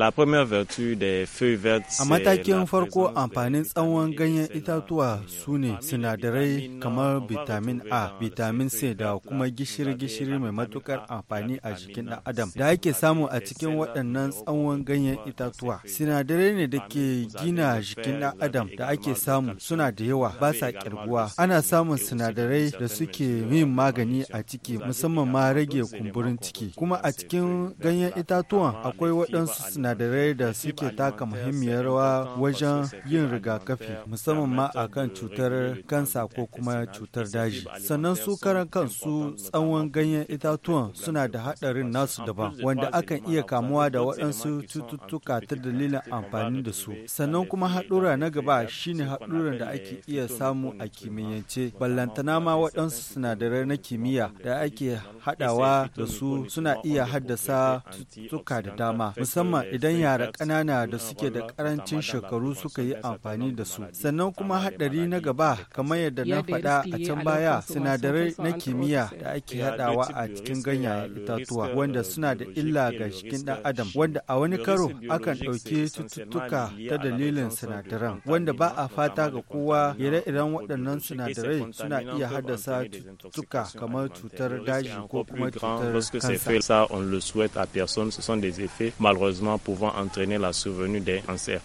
A matakin farko amfanin tsawon ganyen itatuwa su ne sinadarai kamar vitamin A, vitamin C da kuma gishiri-gishiri mai matukar amfani a jikin ɗan adam da ake samu a cikin waɗannan tsawon ganyen itatuwa. Sinadarai ne da ke gina jikin ɗan adam da ake samu suna da yawa ba sa kirguwa. Ana samun sinadarai da suke yin magani a ciki musamman ma rage kumburin ciki. Kuma a cikin ganyen itatuwan akwai waɗansu sinadarai da suke taka muhimmiyar rawa wajen yin rigakafi musamman ma a kan cutar kansa ko kuma cutar daji. Sannan su karan kansu tsawon ganyen itatuwan suna da haɗarin nasu daban wanda akan iya kamuwa da waɗansu cututtuka ta dalilin amfani da su. Sannan kuma haɗura na gaba shine haɗuran da ake iya samu a kimiyyance ballantana ma waɗansu sinadarai na kimiyya da ake haɗawa da su suna iya haddasa cututtuka da dama musamman idan yara ƙanana da suke da ƙarancin shekaru suka yi amfani da su. Sannan kuma haɗari na gaba kamar yadda na faɗa a can baya sinadarai na kimiyya da ake haɗawa a cikin ganyayen itatuwa wanda suna da illa ga jikin ɗan adam wanda a wani karo akan ɗauki cututtuka ta dalilin sinadaran wanda ba a fata ga kowa ire-iren waɗannan sinadarai suna iya haddasa cututtuka kamar cutar daji ko kuma cutar kansa. pouvant entraîner la survenue des cancer.